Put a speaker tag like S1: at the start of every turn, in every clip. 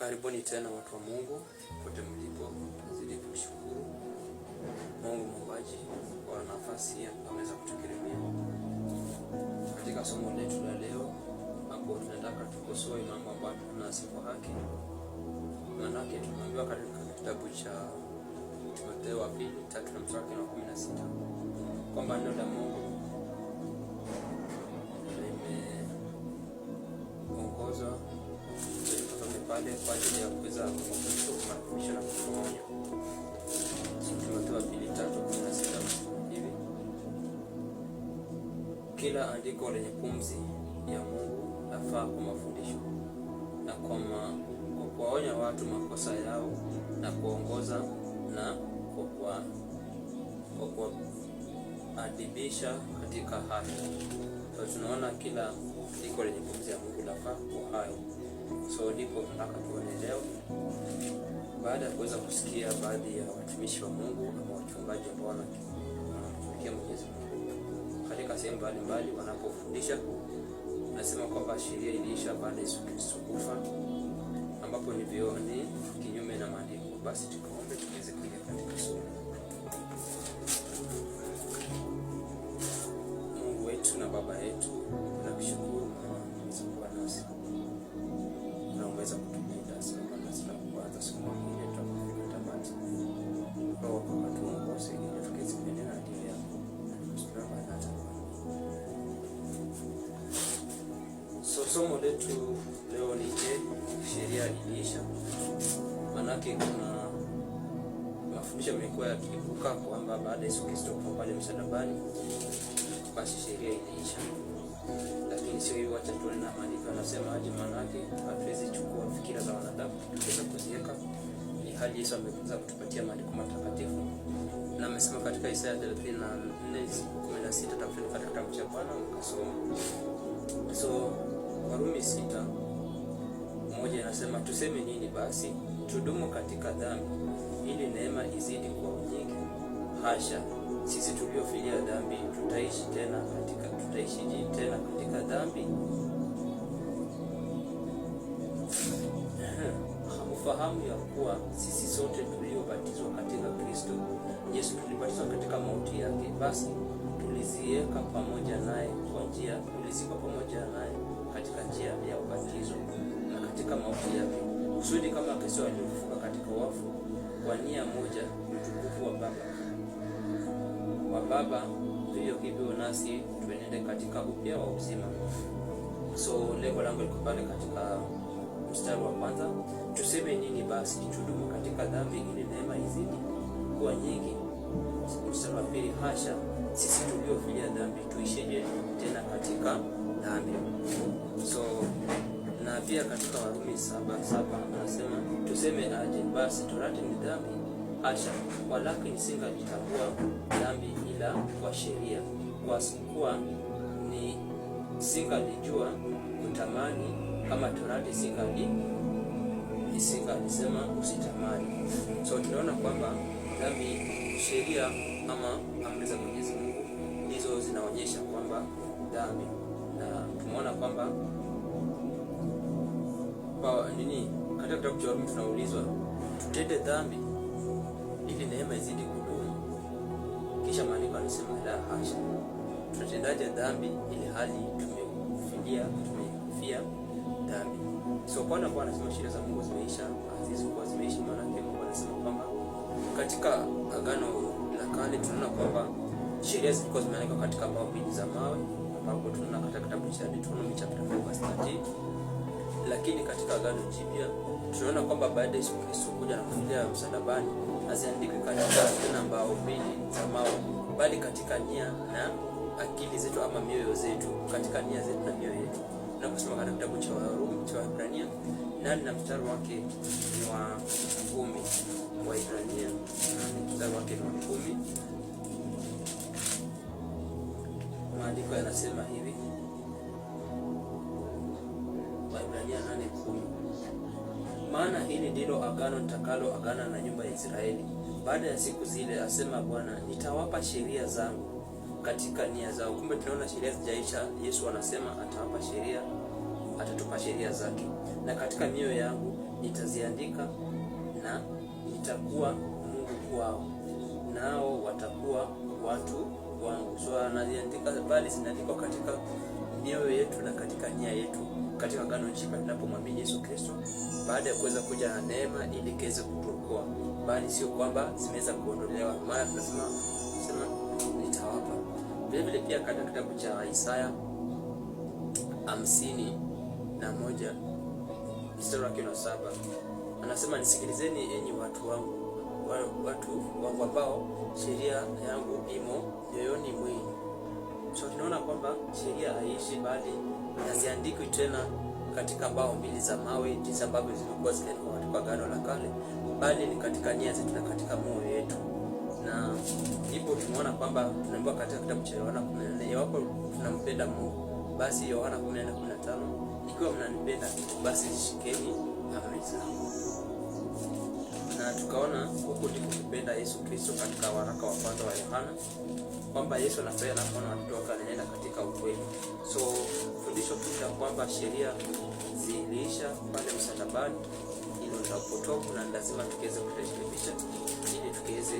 S1: Karibuni tena watu wa Mungu pote mlipo, zidi kumshukuru Mungu muumbaji kwa nafasi hii ameweza kutukirimia katika somo letu la leo, ambapo tunataka tukosoe mambo ambayo tunasifu haki. Maanake tumeambiwa katika kitabu cha Timotheo wa pili tatu na mstari wa kumi na sita kwamba neno la Mungu limeongozwa pale kwa ajili ya kuweza mafundisho, mafundisho na kuonya. Timotheo pili tatu kumi na sita hivi kila andiko lenye pumzi ya Mungu nafaa kwa mafundisho na kwa ma, kwa kuwaonya watu makosa yao na kuongoza na kwa kwa kwa kuwaadibisha katika haki. tunaona kila andiko lenye pumzi ya Mungu lafaa kwa hayo So ndipo tunapokuona leo, baada ya kuweza kusikia baadhi ya watumishi wa Mungu ama wachungaji ambao wanamtumikia Mwenyezi Mungu katika sehemu mbalimbali wanapofundisha, nasema kwamba sheria iliisha baada ya Yesu Kristo kufa, ambapo ni vioni kinyume na maandiko basi Somo letu leo ni je, sheria iliisha? Manake kuna mafundisho yamekuwa yakivuka kwamba baada ya Yesu Kristo kufa pale msalabani, basi sheria iliisha, lakini sio hiyo, Wacha tuone na maandiko anasema aje, manake hatuwezi chukua fikira za wanadamu tuweza kuziweka, ni hali Yesu ameweza kutupatia maandiko matakatifu, na amesema katika Isaya 34:16 tafsiri katika kitabu cha Bwana ukasoma so Warumi sita moja inasema tuseme nini basi? Tudumu katika dhambi ili neema izidi kwa nyingi? Hasha! Sisi tuliofilia dhambi tutaishi tena katika tutaishi tena katika dhambi? Hamfahamu ya kuwa sisi sote tuliobatizwa katika Kristo Yesu tulibatizwa katika mauti yake, basi tuliziweka pamoja naye kwa njia tulizikwa pamoja naye njia ya ubatizo na katika mauti yake, kusudi kama Kristo alivyofufuka katika wafu kwa nia moja, utukufu wa Baba wa Baba, vivyo hivyo nasi tuenende katika upya wa uzima. So lengo langu liko pale katika mstari wa kwanza. Tuseme nini basi? Tudumu katika dhambi ili neema izidi kuwa nyingi? Mstari wa pili, hasha sisi tuliofia dhambi tuisheje tena katika dhambi? So na pia katika Warumi saba saba anasema tuseme aje? Basi torati ni dhambi? Hasha! Walakini singalitambua dhambi ila kwa sheria, kwa kuwa ni singalijua kutamani kama torati singali usitamani. So tunaona kwamba dhambi sheria ama amri za ndizo zinaonyesha kwamba dhambi, na tumeona kwamba kwa nini katika kitabu cha Warumi tunaulizwa tutende dhambi ili neema izidi kudumu? Kisha maandiko anasema la hasha. tutendaje dhambi ili hali tumefidia tumefia dhambi? So kwa nini anasema sheria za Mungu zimeisha, azizi kwa zimeisha? Maana yake anasema kwamba katika agano la kale tunaona kwamba Sheria zilikuwa zimeandikwa katika mbao mbili za mawe, ambapo tunaona katika kitabu cha Deuteronomy chapter 5 verse 13. Lakini katika Agano Jipya tunaona kwamba baada ya Yesu Kristo kuja na kufilia msalabani, haziandikwi katika tena mbao mbili za mawe, bali katika nia na akili zetu ama mioyo zetu, katika nia zetu na mioyo yetu. Na Tunaposoma katika kitabu cha Warumi cha Waebrania nani na mstari wake ni wa kumi, Waebrania nani mstari wake ni wa kumi maandiko yanasema hivi, Waebrania 8:10 maana hili ndilo agano nitakalo agana na nyumba ya Israeli baada ya siku zile, asema Bwana, nitawapa sheria zangu katika nia zao. Kumbe tunaona sheria zijaisha. Yesu anasema atawapa sheria, atatupa sheria zake, na katika mioyo yangu nitaziandika, na nitakuwa Mungu kwao, nao watakuwa watu wangu so anaziandika bali zinaandikwa katika mioyo yetu na katika nia yetu katika gano jipya tunapomwamini Yesu Kristo, baada ya kuweza kuja na neema ili kiweze kutuokoa, bali sio kwamba zimeweza kuondolewa. Maana tunasema sema nitawapa. Vile pia katika kitabu cha Isaya hamsini na moja mstari wake na saba anasema nisikilizeni, enyi watu wangu, watu wangu ambao sheria yangu imo yoyoni mwii. So tunaona kwamba sheria haishi, bali haziandikwi tena katika bao mbili za mawe, jinsi ambavyo zilikuwa zikiandikwa katika Agano la Kale, bali ni katika nia zetu na katika moyo yetu, na ipo tunaona kwamba tunaambiwa katika kitabu cha Yohana 14 iwapo tunampenda Mungu, basi Yohana 14:15, ikiwa mnanipenda basi shikeni amri zangu na tukaona huko ndiko kupenda Yesu Kristo katika waraka wa kwanza wa Yohana kwamba Yesu anafurahi anapoona watoto wake wanaenda katika ukweli. So fundisho kuta kwamba sheria ziliisha pale msalabani, hilo ndio upotovu, na lazima tukiweze kutashirikisha ili tukiweze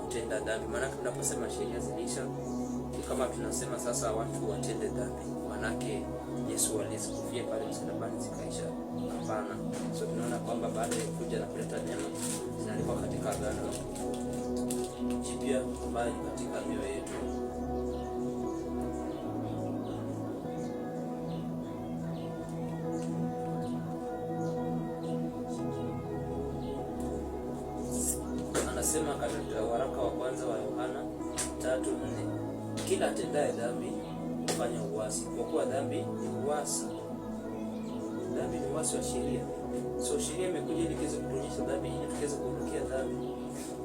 S1: kutenda dhambi. Maana tunaposema sheria ziliisha, kama tunasema sasa watu watende dhambi, maanake Yesu alizikufia pale msalabani zikaisha. Hapana. So tunaona kwamba baada ya kuja na kuleta neno zinaandikwa katika agano jipya ambayo katika mioyo yetu anasema katika waraka wa kwanza wa Yohana tatu nne kila atendaye dhambi hufanya uasi, kwa kuwa dhambi ni uasi dhambi ni wasi wa sheria. So sheria imekuja ili kiweze kutuonyesha dhambi, ili tuweze kuondokea dhambi,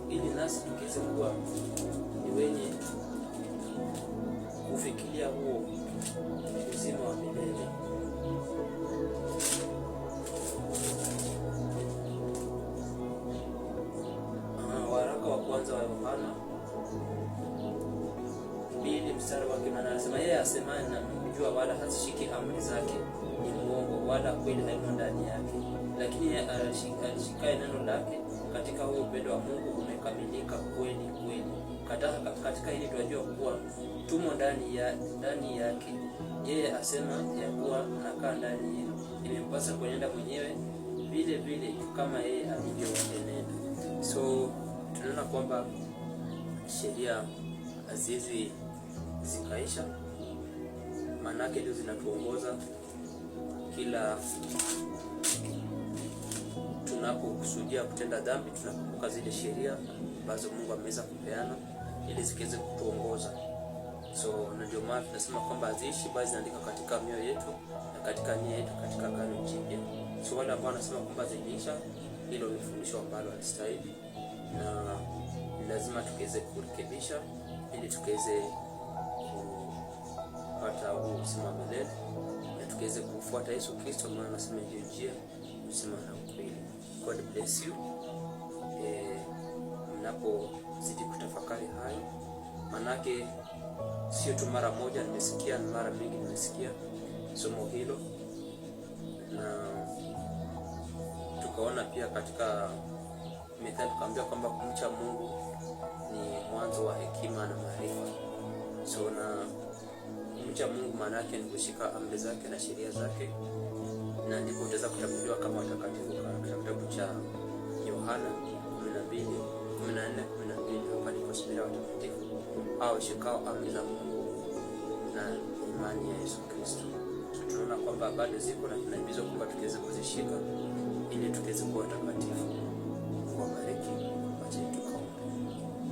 S1: ili nasi tukiweze kuwa ni wenye kufikiria huo uzima wa milele. Waraka wa kwanza wa Yohana mbili mstari wake, maana anasema yeye asemaye wala hazishiki amri zake wala kweli haimo ndani yake, lakini yeye alishikae neno lake, katika huo upendo wa Mungu umekamilika kweli kweli. Katika hili tunajua kuwa tumo ndani ya ndani yake. Yeye asema ya kuwa nakaa ndani yenu, imempasa kuenenda mwenyewe vile vile kama yeye alivyoenenda. So tunaona kwamba sheria haziwezi zikaisha, maanake ndio zinatuongoza kila tunapokusudia kutenda dhambi tunakumbuka zile sheria ambazo Mungu ameweza kupeana ili zikiweze kutuongoza. So na ndio maana tunasema kwamba ziishi bali zinaandika katika mioyo yetu na katika nia yetu katika Agano Jipya. So wale ambao wanasema kwamba ziliisha, hilo ni fundisho ambalo alistahili na lazima tukiweze kurekebisha ili tukiweze kupata huu tukiweze kufuata Yesu Kristo, maana anasema hiyo njia uzima na ukweli. God bless you. Eh, mnapozidi kutafakari hayo, manake sio tu mara moja nimesikia, na mara mingi nimesikia somo hilo, na tukaona pia katika methali tukaambia kwamba kumcha Mungu ni mwanzo wa hekima na maarifa so na Kumcha Mungu maana yake ni kushika amri zake na sheria zake, na ndipo utaweza kutambuliwa kama watakatifu katika kitabu cha Yohana 12 14 Hapa ni kusubiria watakatifu au shikao amri za Mungu na imani ya Yesu Kristo. Tunaona kwamba bado ziko na tunahimizwa kwamba tukiweze kuzishika ili tukiweze kuwa watakatifu. Kuwabariki, wacha tukaombe.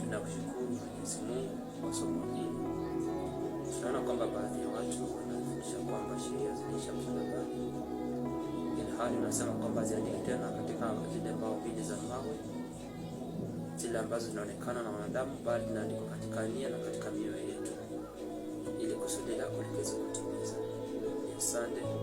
S1: Tunakushukuru Mwenyezi Mungu kwa somo tunaona kwamba baadhi ya watu wanafundisha kwamba sheria zinaisha msalabani, ilhali unasema kwamba zirejee tena katika zile mbao mbili za mawe zile ambazo zinaonekana na wanadamu, bali zinaandikwa katika nia na katika mioyo yetu, ili kusudi lako liweze kutimiza. Asante.